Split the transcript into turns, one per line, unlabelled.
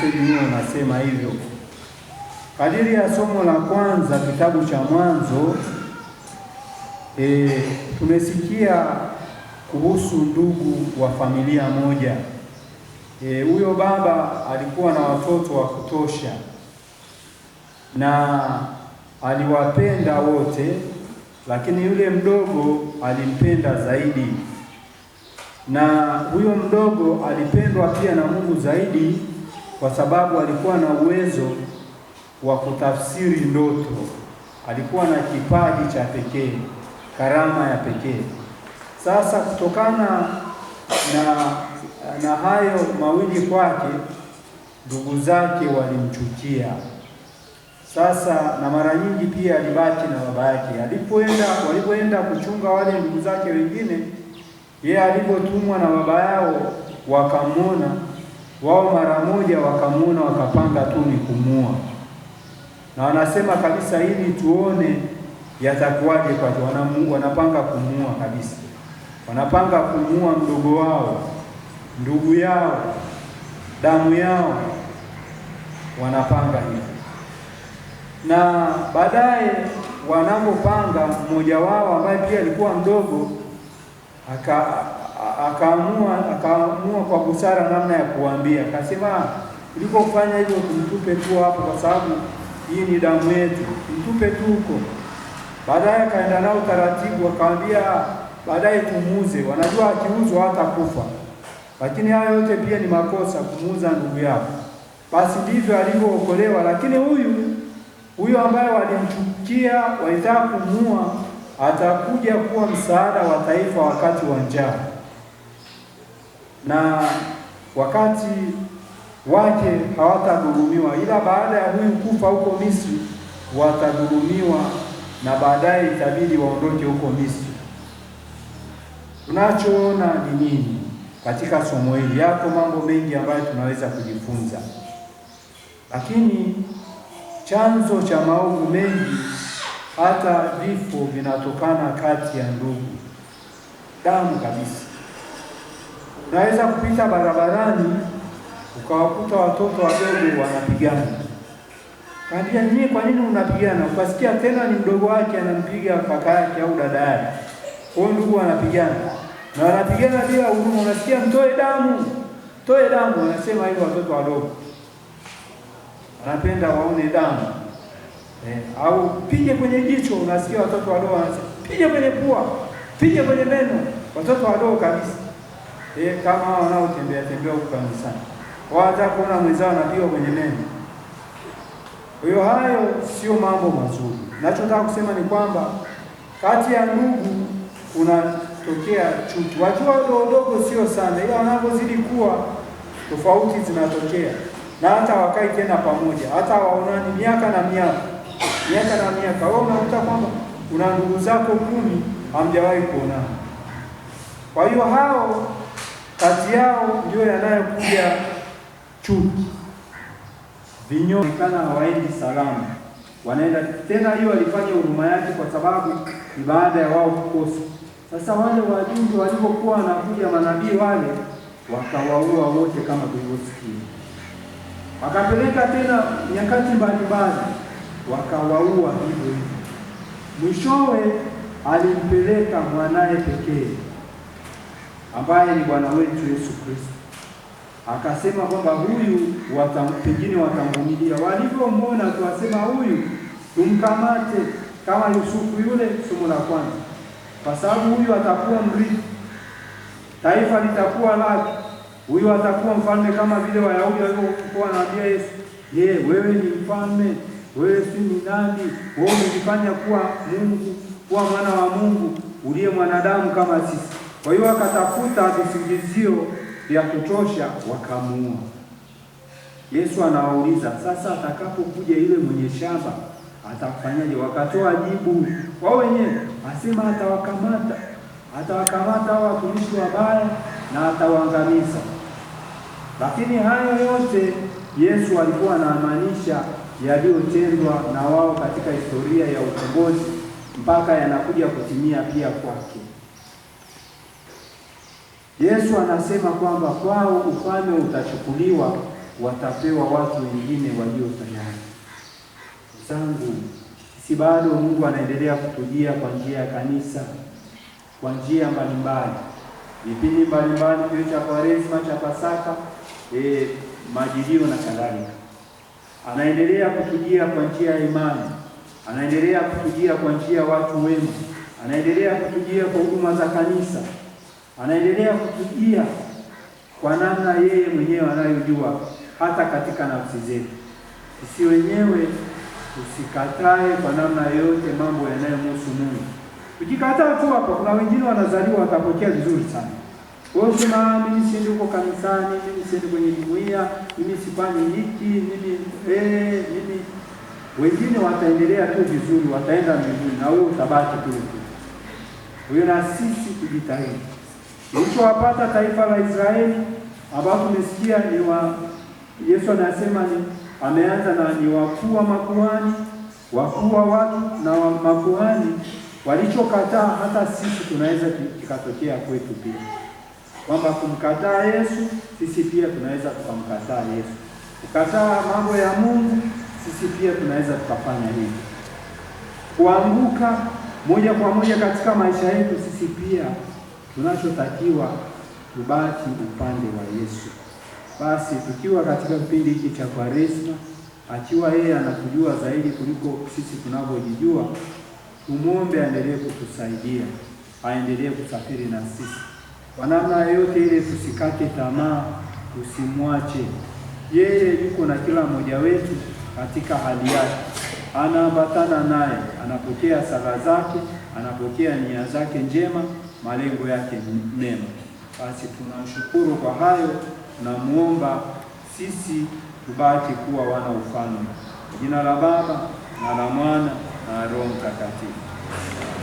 sisi ni unasema hivyo. Kadiri ya somo la kwanza kitabu cha Mwanzo, e, tumesikia kuhusu ndugu wa familia moja. E, huyo e, baba alikuwa na watoto wa kutosha na aliwapenda wote, lakini yule mdogo alimpenda zaidi, na huyo mdogo alipendwa pia na Mungu zaidi kwa sababu alikuwa na uwezo wa kutafsiri ndoto. Alikuwa na kipaji cha pekee, karama ya pekee. Sasa kutokana na, na hayo mawili kwake, ndugu zake walimchukia. Sasa na mara nyingi pia alibaki na baba yake. Alipoenda, walipoenda kuchunga wale ndugu zake wengine, yeye alipotumwa na baba yao wakamwona wao mara moja wakamwona, wakapanga tu ni kumua, na wanasema kabisa, ili tuone yatakuwaje kwake. Wanapanga kumua kabisa, wanapanga kumua mdogo wao, ndugu yao, damu yao, wanapanga hivyo. Na baadaye wanapopanga, mmoja wao ambaye pia alikuwa mdogo aka akaamua akaamua kwa busara namna ya kuambia, akasema kuliko kufanya hivyo tumtupe tu hapo, kwa sababu hii ni damu yetu, mtupe tu huko. Baadaye akaenda nao taratibu, akaambia baadaye tumuuze. Wanajua akiuzwa hata kufa, lakini haya yote pia ni makosa, kumuuza ndugu yako Basi ndivyo alivyookolewa. Lakini huyu huyu ambaye walimchukia, walitaka kumuua, atakuja kuwa msaada wa taifa wakati wa njaa na wakati wake hawatadhulumiwa, ila baada ya huyu kufa huko Misri watadhulumiwa, na baadaye itabidi waondoke huko Misri. Tunachoona ni nini katika somo hili? Yako mambo mengi ambayo tunaweza kujifunza, lakini chanzo cha maovu mengi hata vifo vinatokana kati ya ndugu, damu kabisa. Unaweza kupita barabarani ukawakuta watoto wadogo wanapigana, kaambia nyie, kwa nini unapigana? Ukasikia tena ni mdogo wake anampiga kaka yake au dada yake, hiyo ndugu wanapigana, na wanapigana bila huruma. Unasikia mtoe damu, toe damu, wanasema hivyo watoto wadogo wanapenda waone damu eh, au pige kwenye jicho. Unasikia watoto wadogo wanasema pige kwenye pua, pige kwenye meno, watoto wadogo kabisa ye kama wanaotembea tembea huko kanisani, hata kuona mwenzao anapigwa kwenye meno. Kwa hiyo hayo sio mambo mazuri. Nachotaka kusema ni kwamba kati ya ndugu kunatokea chuki, wakiwa wadogo sio sana, ila wanapozidi kuwa tofauti zinatokea, na hata wakai tena pamoja, hata waonani miaka na miaka, miaka na miaka. Wewe unakuta kwamba una ndugu zako kumi hamjawahi kuonana, kwa hiyo hao kati yao ndio yanayokuja chuki, vinyoekana hawaendi salama, wanaenda tena. Hiyo alifanya huruma yake, kwa sababu ni baada ya wao kukosa. Sasa wale wajumbe walipokuwa wanakuja manabii wale wakawaua wote kama tulivyosikia, wakapeleka tena nyakati mbalimbali wakawaua hivyo hivyo. Mwishowe alimpeleka mwanaye pekee ambaye ni Bwana wetu Yesu Kristo. Akasema kwamba huyu watam, pengine watamvumilia. Walivyomwona tuwasema huyu tumkamate, kama Yusufu yule, somo la kwanza, kwa sababu huyu atakuwa mrithi, taifa litakuwa lake, huyu atakuwa mfalme kama vile Wayahudi walivyokuwa wanaambia Yesu, ye wewe ni mfalme, wewe si ni nani? Wewe umejifanya kuwa Mungu, kuwa mwana wa Mungu uliye mwanadamu kama sisi kwa hiyo wakatafuta visingizio vya kutosha wakamuua. Yesu anawauliza sasa, atakapokuja ile mwenye shamba atafanyaje? Wakatoa jibu kwa wenyewe, asema atawakamata, atawakamata hao watumishi wabaya na atawaangamiza. Lakini hayo yote Yesu alikuwa anamaanisha yaliyotendwa na wao katika historia ya ukombozi mpaka yanakuja kutimia pia kwake. Yesu anasema kwamba kwao ufalme utachukuliwa, watapewa watu wengine walio tayari. Zangu si bado, Mungu anaendelea kutujia kwa njia ya kanisa, kwa njia mbalimbali, vipindi mbalimbali, kio cha Kwaresma, cha Pasaka, e, majilio na kadhalika. Anaendelea kutujia kwa njia ya imani, anaendelea kutujia kwa njia ya watu wema, anaendelea kutujia kwa huduma za kanisa anaendelea kutujia kwa namna yeye mwenyewe anayojua, hata katika nafsi zetu. Sisi wenyewe usikatae kwa namna yoyote mambo yanayomhusu Mungu. Ukikataa tu hapo, kuna wengine wanazaliwa watapokea vizuri sana. Wewe usema ah, mimi siendi huko kanisani, mimi siendi kwenye jumuiya, mimi sifanyi hiki, mimi eh, mimi wengine wataendelea tu vizuri, wataenda mbinguni na wewe utabaki tu. Huyo na sisi tujitahidi Kilichowapata taifa la Israeli ambao tumesikia ni wa Yesu anasema ni ameanza na ni wakuu wa makuhani, wakuu wa watu na wa makuhani walichokataa, hata sisi tunaweza kikatokea kwetu pia, kwamba kumkataa Yesu sisi pia tunaweza tukamkataa Yesu, kukataa mambo ya Mungu sisi pia tunaweza tukafanya hivyo. Kuanguka moja kwa moja katika maisha yetu sisi pia Tunachotakiwa tubaki upande wa Yesu. Basi tukiwa katika kipindi hiki cha Kwaresma, akiwa yeye anatujua zaidi kuliko sisi tunavyojijua, tumwombe aendelee kutusaidia, aendelee kusafiri na sisi kwa namna yote ile, tusikate tamaa, tusimwache yeye. Yuko na kila mmoja wetu katika hali yake, anaambatana naye, anapokea sala zake, anapokea nia zake njema malengo yake ni mema. Basi tunamshukuru kwa hayo, tunamwomba sisi tubaki kuwa wana ufalme. Jina la Baba na la Mwana na Roho Mtakatifu.